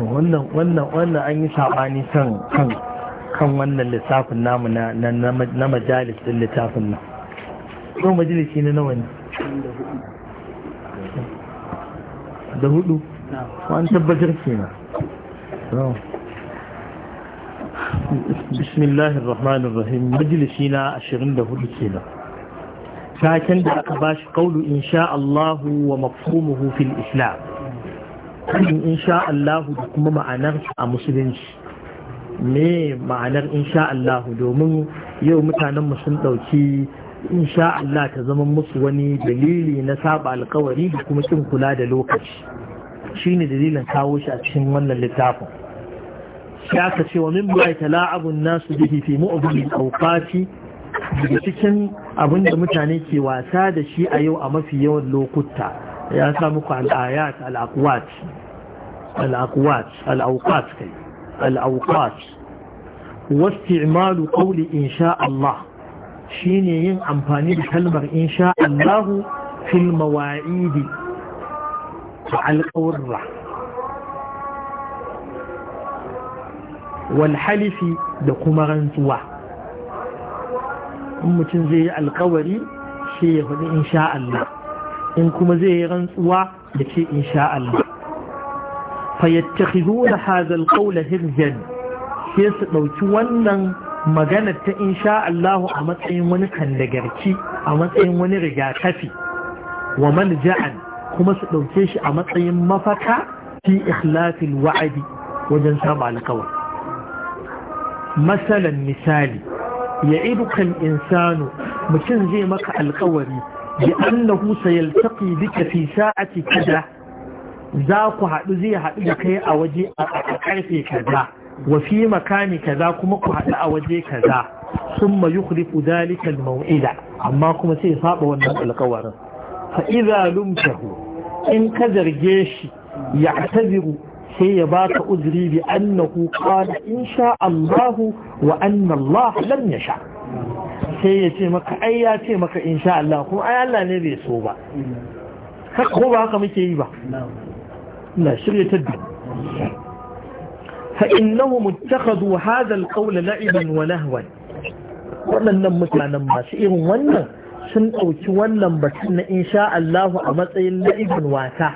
wannan wannan an yi sabani kan kan kan wannan lissafin namu na na majalis din littafin nan ko majalisi ne nawa ne da hudu an tabbatar kenan بسم الله الرحمن الرحيم مجلسنا أشرين فاكن قول إن شاء الله ومفهومه في الإسلام In insha Allah da kuma ma'anar a musulunci me ma'anar insha Allah domin yau mutanen mu sun dauki insha Allah ta zama musu wani dalili na saba alkawari da kuma ƙin kula da lokaci shine dalilin kawo shi a cikin wannan littafin sai aka ce wa min ba'i tala'abun nasu bihi fi awqati daga cikin abinda mutane ke wasa da shi a yau a mafi yawan lokuta ya sa muku al'ayat al'akwat al'akwat al'auqat kai al'auqat wasti'malu qawli insha Allah shine yin amfani da kalmar insha Allah fil mawa'idi alƙawarra walhalifi da kuma rantsuwa in mutum zai yi alƙawari shi ya faɗi insha Allah in kuma zai yi rantsuwa da ce sha Allah fayyattakhizuna hazal alqawla hirjan sai su ɗauki wannan magana ta insha Allah a matsayin wani kandagarki a matsayin wani rigakafi wa malja'an kuma su ɗauke shi a matsayin mafaka fi ikhlafil wa'adi wajen saba alkawar masalan misali ya idukan insanu mutum zai maka alkawari لأنه سيلتقي بك في ساعة كذا ذاك حدزي حدك يا وجي أعرفي كذا وفي مكان كذا كما قعد أوجي كذا ثم يخلف ذلك الموئدة أما كما سيصاب والنبع القوار فإذا لمته إن كذر جيش يعتذر سيباك أدري بأنه قال إن شاء الله وأن الله لم يشاء sai ya ce maka ai ya ce maka insha Allah kuma ai Allah ne bai so ba ko ba haka muke yi ba na shirya ta duk فإنهم اتخذوا هذا القول لعبا ولهوا waɗannan mutanen masu irin wannan sun ɗauki wannan batun na insha Allahu a matsayin la'ibin wata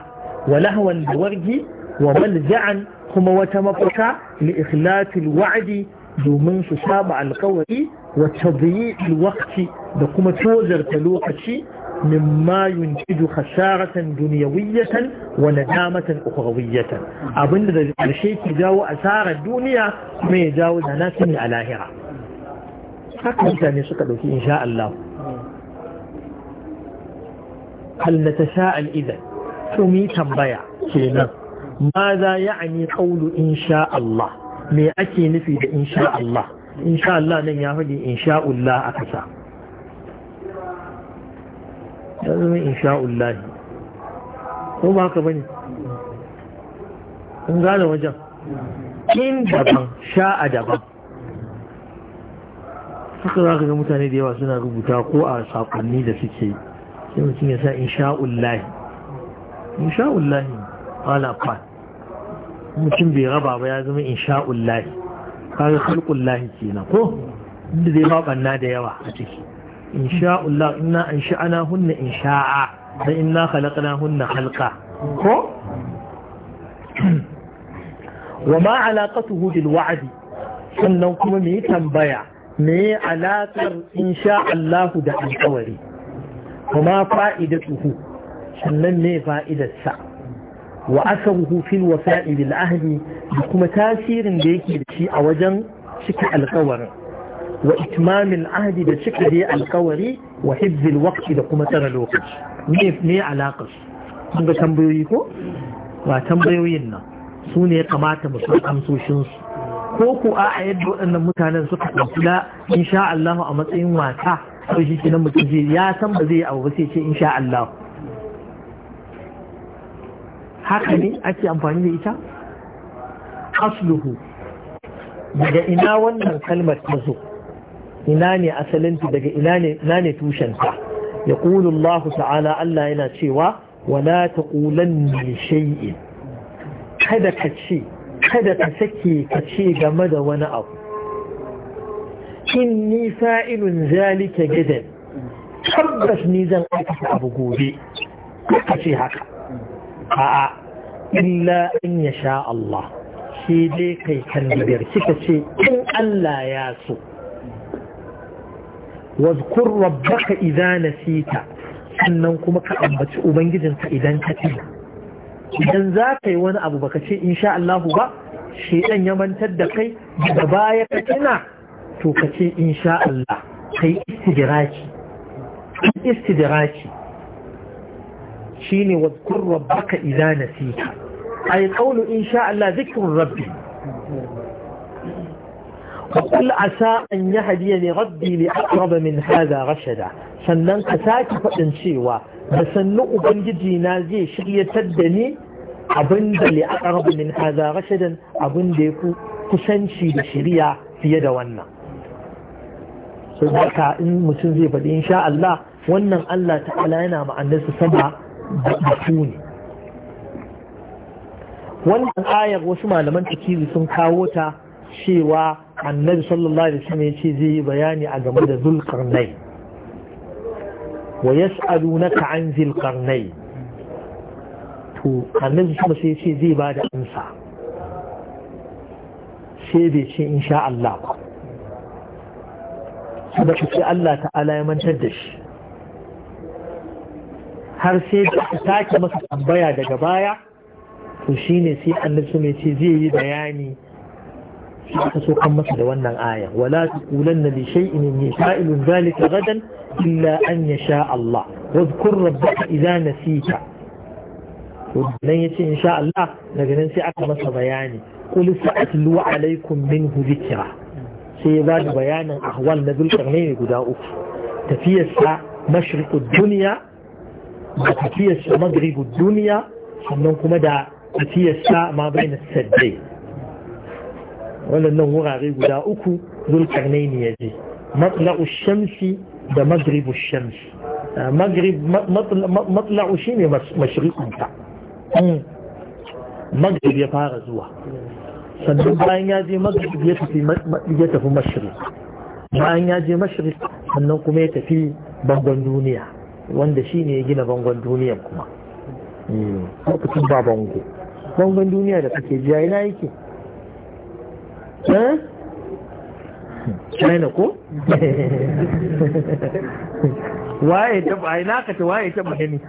wa lahwan da wargi wa malja'an kuma wata mafaka li ikhlasil wa'di domin su saba alkawari wa tadyi'il waqti da kuma tozarta lokaci mayun yunjidu hasaratan duniyawiyyatan wa nadamatan ukhrawiyatan abinda da karshe ke jawo asarar duniya kuma ya jawo da nasin a lahira haka mutane suka dauki insha Allah hal natasha'al idan to mi tambaya kenan ماذا ya قول kaulu insha allah. me ake nufi da insha Allah insha Allah nan ya faɗi insha Allah aka sa ya zama insha Allah ko ba ka bane In gane wajen Kin daban sha'a daban haka za ka ga mutane da yawa suna rubuta ko a sakonni da suke yi, sai mutum ya sa insha'ullahi insha'ullahi ala fat mutum bai raba ba ya zama insha'ul lahi kaga khalqul lahi ko inda zai ba banna da yawa a ciki insha'ul ina inna ansha'ana hunna insha'a da inna khalaqna hunna halka ko wa ma alaqatuhu bil wa'di sannan kuma me tambaya me alaƙar insha'allahu da alƙawari kuma fa'idatuhu sannan me fa'idarsa wa asaruhu fil wafa'i ahli da kuma tasirin da yake da shi a wajen cika alkawarin wa ahadi ahdi da cika dai alkawari wa waqti da kuma tsara lokaci me me alaƙa kun ga tambayoyi ko ba tambayoyin nan su ne kamata mu san amsoshin su ko ku a yadda waɗannan mutanen suka ɗauki la insha Allah a matsayin wata sau shi kenan mutum ya san ba zai abu ba sai ce insha Allah haka ne ake amfani da ita asluhu daga ina wannan kalmar ta zo ina ne asalinta daga ina ne tushenta ya Allah ta'ala Allah yana cewa wala ta ƙulan shay'in kada ka ce kada ka sake ka ce game da wani abu in ni fa'ilun zalika gidan tabbas ni zan aikata abu gobe ka ce haka a'a illa in ya sha Allah shi dai kai kan bibiyar kika ce in Allah ya so wazkur rabbaka idza nasita sannan kuma ka ambaci ubangijinka idan ka tuna idan za ka yi wani abu baka ce insha Allah ba shedan ya mantar da kai daga baya ka tuna to ka ce insha Allah kai istidraki istidraki shine wadkur rabbaka idza nasita ay qawlu insha Allah zikrun rabbi an عسى أن يهديني ربي raba من هذا rashada. sannan ka sake faɗin cewa da sannu ubangiji na zai shiryatar da ni abin da li aqrabu min hadha rashadan abin da yafi kusanci da shiriya fiye da wannan so ka in mutum zai faɗi insha Allah wannan Allah ta'ala yana ma'anarsa sama batu ne wannan ayar wasu malaman takiri sun kawo ta cewa annabi sallallahu alaihi wasallam ya ce zai yi bayani a game da zulkarnai wa yas'alunaka an zulkarnai to annabi kuma sai ce zai ba da amsa sai bai ce insha Allah ba saboda sai Allah ta'ala ya mantar da shi har sai da aka sake masa tambaya daga baya to shine sai annabi mai ce zai yi bayani shi aka so kan masa da wannan aya wala tuqulanna li shay'in inni fa'ilun zalika gadan illa an yasha Allah wa dhkur rabbaka idza nasita to nan yace insha Allah daga nan sai aka masa bayani qul sa'atlu alaykum minhu dhikra sai ya bada bayanin ahwal na ne guda uku tafiyarsa mashriqud dunya da tafiyarsa magribin duniya sannan kuma da tafiyarsa ma bayan saddai waɗannan wurare guda uku zulkarnai ne ya je matla'u shamsi da magribu shamsi matla'u shi ne mashirikunta magrib ya fara zuwa sannan bayan ya je magrib ya tafi mashirik bayan ya je mashirik sannan kuma ya tafi bangon duniya wanda shi ne ya gina bangon duniya kuma lokacin ba bango bangon duniya da kake jiya ina yake china ko waye taba ina ka ta waye taba gani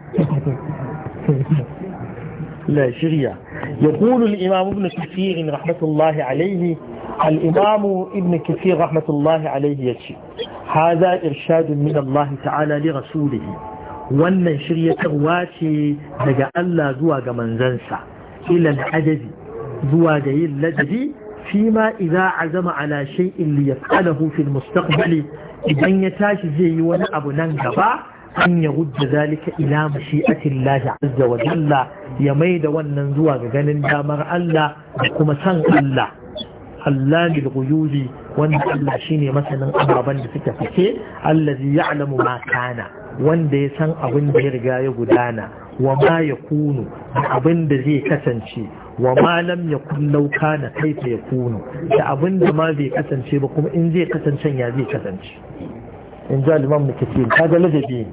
لا شريعة يقول الإمام ابن كثير رحمة الله عليه الإمام ابن كثير رحمة الله عليه يشي هذا إرشاد من الله تعالى لرسوله wannan shiryatarwa ce daga Allah zuwa ga manzansa ilal ajabi zuwa ga yin ladabi fi ma idza azama ala shay'in li yaf'alahu fil mustaqbali idan ya tashi zai yi wani abu nan gaba an ya gudda zalika ila mashi'atin Allah azza wa jalla ya mai da wannan zuwa ga ganin damar Allah da kuma san Allah Allah bil wanda Allah shine masanin ababen da suka fice allazi ya'lamu ma kana wanda ya san abin da ya riga ya gudana wa ma ya kunu da abin da zai kasance wa ma lam ya kullau na kaifa ya kunu da abin da ma bai kasance ba kuma in zai kasance ya zai kasance in ji aliman mu kace ka ga ladabi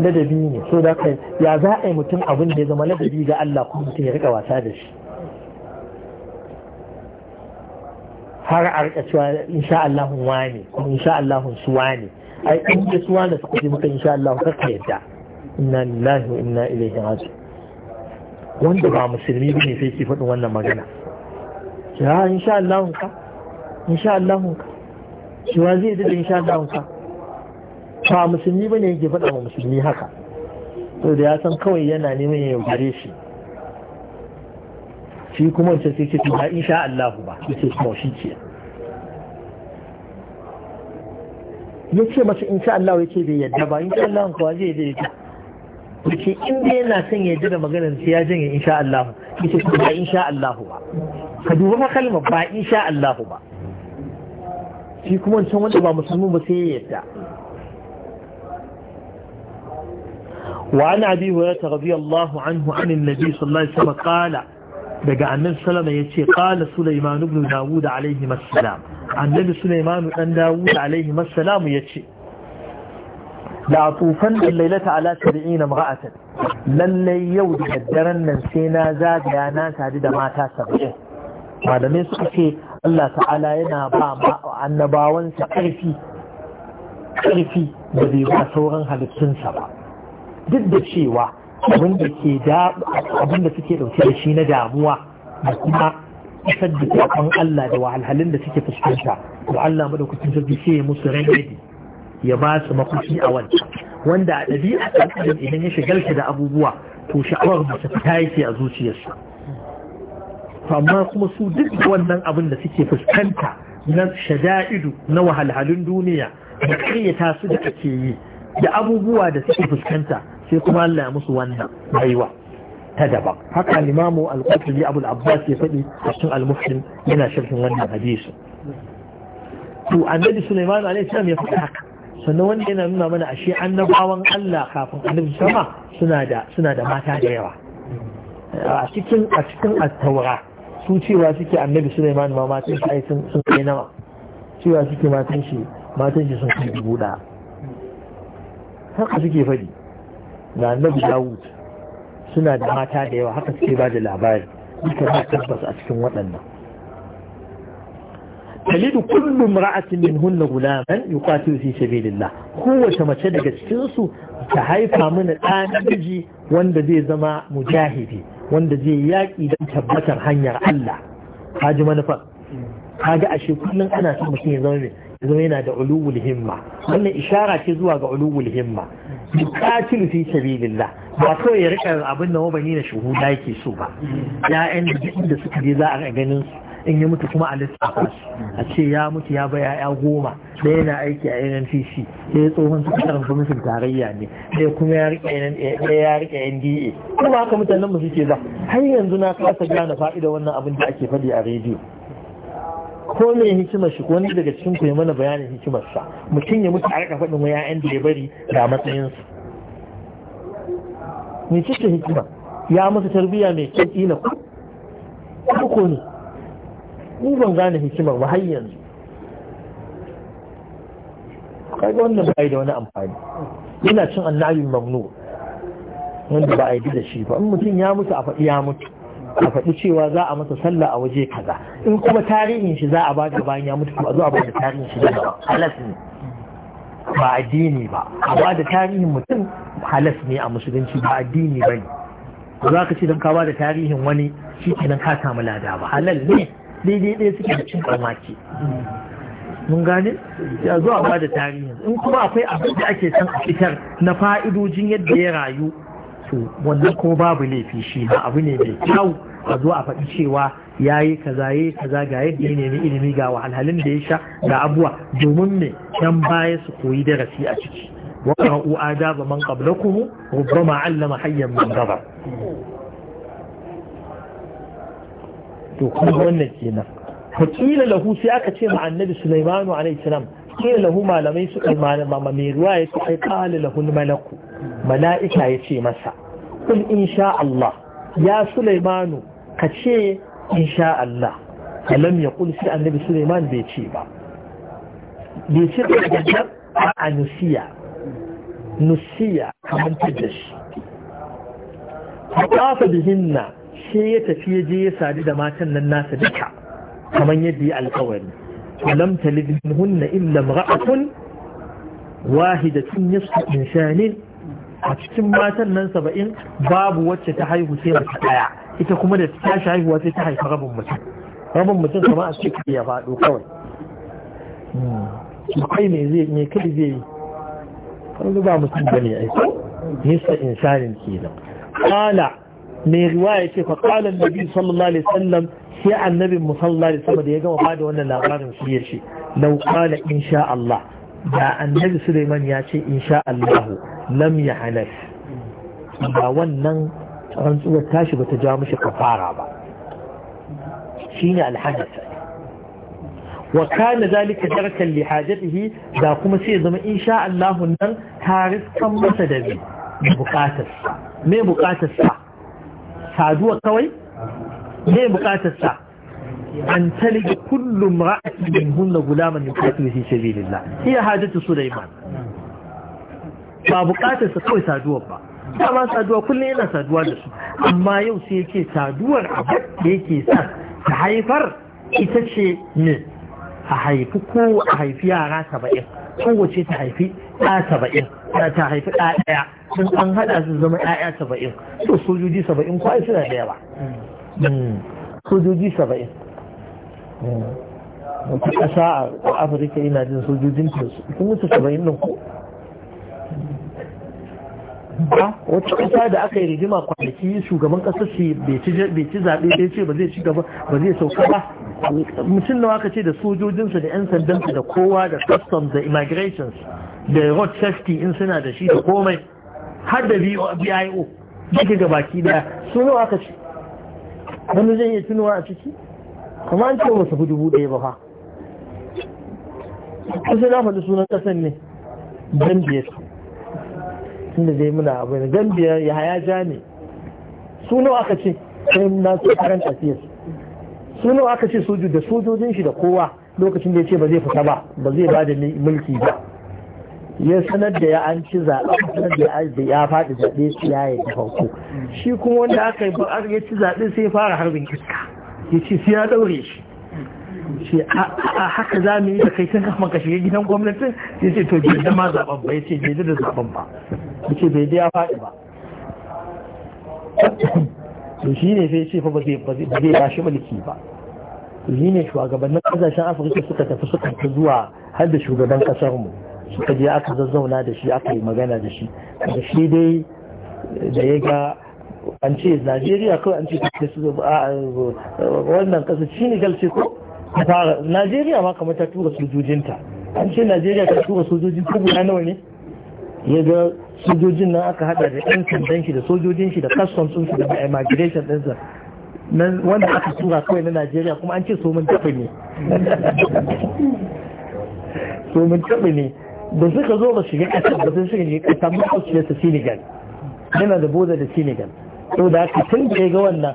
ladabi ne so da kai ya za a yi mutum abin da ya zama ladabi ga Allah kuma mutum ya rika wasa da shi har a rika cewa insha Allah wani kuma insha su wani ai in ke suwa da suka ji maka insha Allah ka ka yadda inna lillahi wa inna ilaihi raji wanda ba musulmi bane sai ki faɗin wannan magana ya insha Allah ka insha Allah ka shi wa zai da insha Allah ka ba musulmi bane yake faɗa wa musulmi haka to da ya san kawai yana neman ya gare shi shi kuma sai ce ta insha Allah ba sai kuma shi ke ya ce masa in sha Allah ya ce bai yadda ba in sha Allah kuwa zai zai yadda yake in dai yana son ya yadda da maganar sai ya janye in sha Allah ya ce ba in sha Allah ba ka duba fa kalma ba in sha Allah ba shi kuma wancan wanda ba musulmi ba sai ya yadda وعن أبي هريرة رضي الله عنه عن النبي صلى الله عليه وسلم قال daga annabi sallama yace qala sulaiman ibn dawud alayhi assalam annabi sulaiman dan dawud alayhi assalam yace da tufan lailata ala 70 mar'atan lallai yau da daddaren nan sai na zagaya na sadu da mata 70 malamai suka ce Allah ta'ala yana ba annabawansa ƙarfi ƙarfi da bai ba sauran halittunsa ba duk da cewa Abin ke da suke dauke da shi na damuwa da kuma isar da Allah da wahalhalun da suke fuskanta to Allah madaukakin sarki sai ya musu rangadi ya ba su makuci a wancan wanda a ɗabi'a ɗan adam idan ya shigar da abubuwa to sha'awar ba ta fita yake a zuciyarsa amma kuma su duk wannan abin da suke fuskanta na shada'idu na wahalhalun duniya da ƙaryata su da ake yi da abubuwa da suke fuskanta sai kuma Allah ya musu wannan baiwa ta daba haka limamu al qutubi abu al-abbas ya faɗi a cikin al-muslim yana sharhin wannan hadisi to annabi sulaiman alaihi salam ya faɗi haka sannan wanda yana nuna mana ashe annabawan Allah kafin annabi sama suna da suna da mata da yawa a cikin a cikin at-taura su cewa suke annabi sulaiman ma matan shi sun sun kai nawa cewa suke matan shi matan shi sun kai dubu da haka suke faɗi na annabi dawud suna da mata da yawa haka suke ba da labari duka ba tabbas a cikin waɗannan talidu kullum ra'atin min hunna gulaman yuqatilu fi sabilillah kowace mace daga cikin su ta haifa mana ɗa namiji wanda zai zama mujahidi wanda zai yaƙi don tabbatar hanyar Allah ka ji manufar ashe kullum ana son mutum ya zama ya zama yana da ulul himma wannan ishara ce zuwa ga ulul himma yuqatilu fi sabilillah ba so ya rika abin da mabani na shuhuda yake so ba ya ya'yan da suka je za a ganin su in ya mutu kuma a lissafa a ce ya mutu ya bai ya goma da yana aiki a nnpc da ya tsohon sakataren gwamnatin tarayya ne da kuma ya rike nda kuma haka mutanen mu suke za har yanzu na kasa gane fa'ida wannan abin da ake faɗi a rediyo ko mai hikimar shi ko wani daga cikin ku ya mana bayanin hikimar sa mutum ya mutu a rika faɗin wa ƴaƴan da ya bari ga matsayin su me cike hikima ya musu tarbiyya mai kyau na ku ko ne ni ban gane hikimar ba har yanzu ga wannan bai da wani amfani yana cin annabi mamnu wanda ba a yi da shi ba in mutum ya mutu a faɗi ya mutu a faɗi cewa za a masa sallah a waje kaza in kuma tarihin shi za a ba da bayan ya mutu kuma a zo a ba da tarihin shi daga halas ne ba addini ba a ba da tarihin mutum halas ne a musulunci ba addini ba ne ba za ka ce don ka ba da tarihin wani shi nan ka samu lada ba halal ne daidai ɗaya suke da cin ƙarmaki mun gane ya zuwa ba da tarihin in kuma akwai abin da ake son a fitar na fa'idojin yadda ya rayu to wannan ko babu laifi shi ma abu ne mai kyau a zo a faɗi cewa ya yi kaza ya kaza ga yadda ya nemi ilimi ga wahalhalin da ya sha ga abuwa domin me can baya su koyi darasi a ciki wa qara'u adaba man qablakum rubbama 'allama hayyan min gabar to kuma wannan kenan fakila lahu sai aka ce ma annabi sulaimanu alaihi salam kila lahu malamai suka malama mai ruwa ya suka kala lahu malaku mala'ika ya ce masa in sha Allah ya Sulaimanu ka ce sha Allah alam ya kul sai annabi Sulaiman bai ce ba bai ce ka a nusiya nusiya kamar da shi haƙafa bihinna sai ya tafi ya je ya sadu da matan nan nasa duka kamar yadda ya alkawari alam talibin hunna illa mra'atun wahidatun nisfu insanin a cikin matan nan saba'in babu wacce ta haihu sai mace daya ita kuma da ta shi haihuwa sai ta haifa rabin mutum rabin mutum kama a ce ya faɗo kawai hmm. kai me zai me kai zai yi kawai ba mutum ba bane ai ko nisa insanin kenan qala mai ya ce fa qala nabi sallallahu alaihi wasallam sai annabi mu sallallahu alaihi wasallam da ya gama bada wannan labarin shi ya ce law qala insha Allah da annabi Suleiman ya ce insha Allah lam ya halal ba wannan rantsuwar tashi bata ja mishi kafara ba shine alhadatha wa kana zalika darakan li hajatihi da kuma sai zama insha Allah nan kan masa da bi bukatar sa me bukatar sa saduwa kawai me bukatar sa أن تلد كل امرأة منهن غلاما يقاتل في سبيل الله Sulaiman ba سليمان فبقاتل ستوي سادوة با dama saduwa kullum yana saduwa da su amma yau sai yake saduwar abu da yake sa ta haifar ita ce ne a haifi ko a haifi yara saba'in kowace ta haifi ɗa saba'in ta haifi ɗaya sun an haɗa su zama ɗaya saba'in to sojoji saba'in ko ai suna da yawa sojoji saba'in Eh. wata ƙasa a afirka ina jin sojojin su sun mutu saba'in nan ko ba wata ƙasa da aka yi rigima kwanaki shugaban ƙasar shi bai ci zaɓe bai ce ba zai ci gaba ba zai sauka ba mutum nawa ka ce da sojojinsa da 'yan sandansa da kowa da customs da immigrations da road safety in suna da shi da komai har da bio duka gabaki daya su nawa ka ce wani zai iya tunowa a ciki kuma an ce ba fi dubu ɗaya ba fa kusa na faɗi sunan ƙasan ne gambiya su tunda zai muna abu ne gambiya ya haya ja ne su nawa aka ce sai na su karanta siyar su nawa aka ce soju da sojojin shi da kowa lokacin da ya ce ba zai fita ba ba zai ba da mulki ba ya sanar da ya an ci zaɓe da ya faɗi zaɓe su ya yi farko shi kuma wanda aka yi ba ya ci zaɓe sai fara harbin iska ya ce sai ya daure shi ce a haka za mu yi da kai kan maka ka shiga gidan gwamnatin ya ce to jirgin ma zaɓen ba ya ce bai da zaɓen ba ya ce bai ya faɗi ba to shi ne sai ce fa ba zai ba shi mulki ba shi ne shugabannin ƙasashen afirka suka tafi suka ta zuwa har da shugaban kasar mu suka je aka zazzauna da shi aka yi magana da shi da shi dai da ya ga an ce najeriya kawai an ce ta su wannan kasa senegal ce ko najeriya ma kamar ta tura sojojinta an ce najeriya ta tura sojojin ta guda nawa ne ya ga sojojin nan aka hada da yan sandan shi da sojojin shi da customs sun su da immigration ɗinsa nan wanda aka tura kawai na najeriya kuma an ce so mun taɓa ne so mun taɓa ne da suka zo ba shiga kasar ba sun shiga ƙasar mutuwa su senegal yana da boda da senegal to da haka tun da ya ga wannan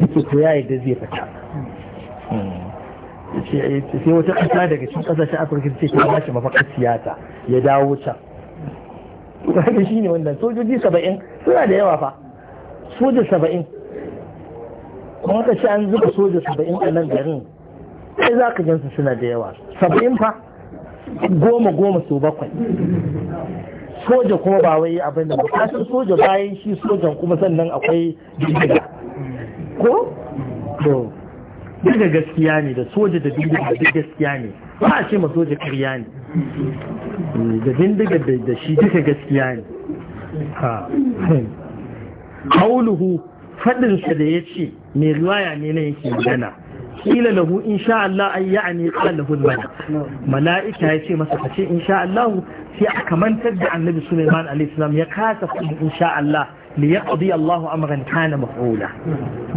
yake to ya yadda zai fita hmm. eh, sai wata ƙasa daga cikin ƙasashen afirka ce ta bashi mafakar siyasa ya dawo can haka shi ne wannan sojoji saba'in suna da yawa fa soja saba'in kuma ka ce an zuba soja saba'in a nan garin sai za ka gansu suna da yawa saba'in fa goma goma so bakwai soja kuma ba wai abin da bukatun soja bayan shi sojan kuma sannan akwai jirgin ko? to daga gaskiya ne da soja da bindiga duk gaskiya ne ba a ce ma soja karya ne eh, da bindiga da shi duka gaskiya ne ha hauluhu faɗinsa da ya ce mai ruwaya ne na yake magana kila lahu insha Allah ay ya'ni qala lahu al mala'ika mala'ika yace masa kace insha Allah sai aka mantar da annabi Sulaiman alayhi salam ya kasa kuma insha Allah li yaqdi Allah amran kana maf'ula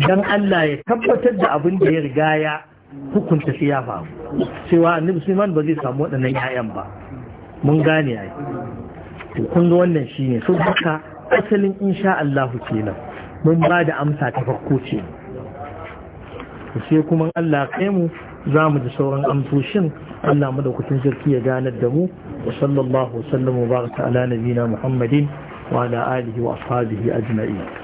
dan Allah ya tabbatar da abin da ya riga ya hukunta shi ya faru cewa annabi Sulaiman ba zai samu wadannan ƴaƴan ba mun gane ai to kun wannan shine so haka asalin insha Allah kenan mun ba da amsa ta farko ce sai kuma Allah kai mu za mu ji sauran amsoshin Allah madaukakin sarki ya ganar da mu wa sallallahu wa sallam wa baraka ala nabina Muhammadin wa ala alihi wa ashabihi ajma'in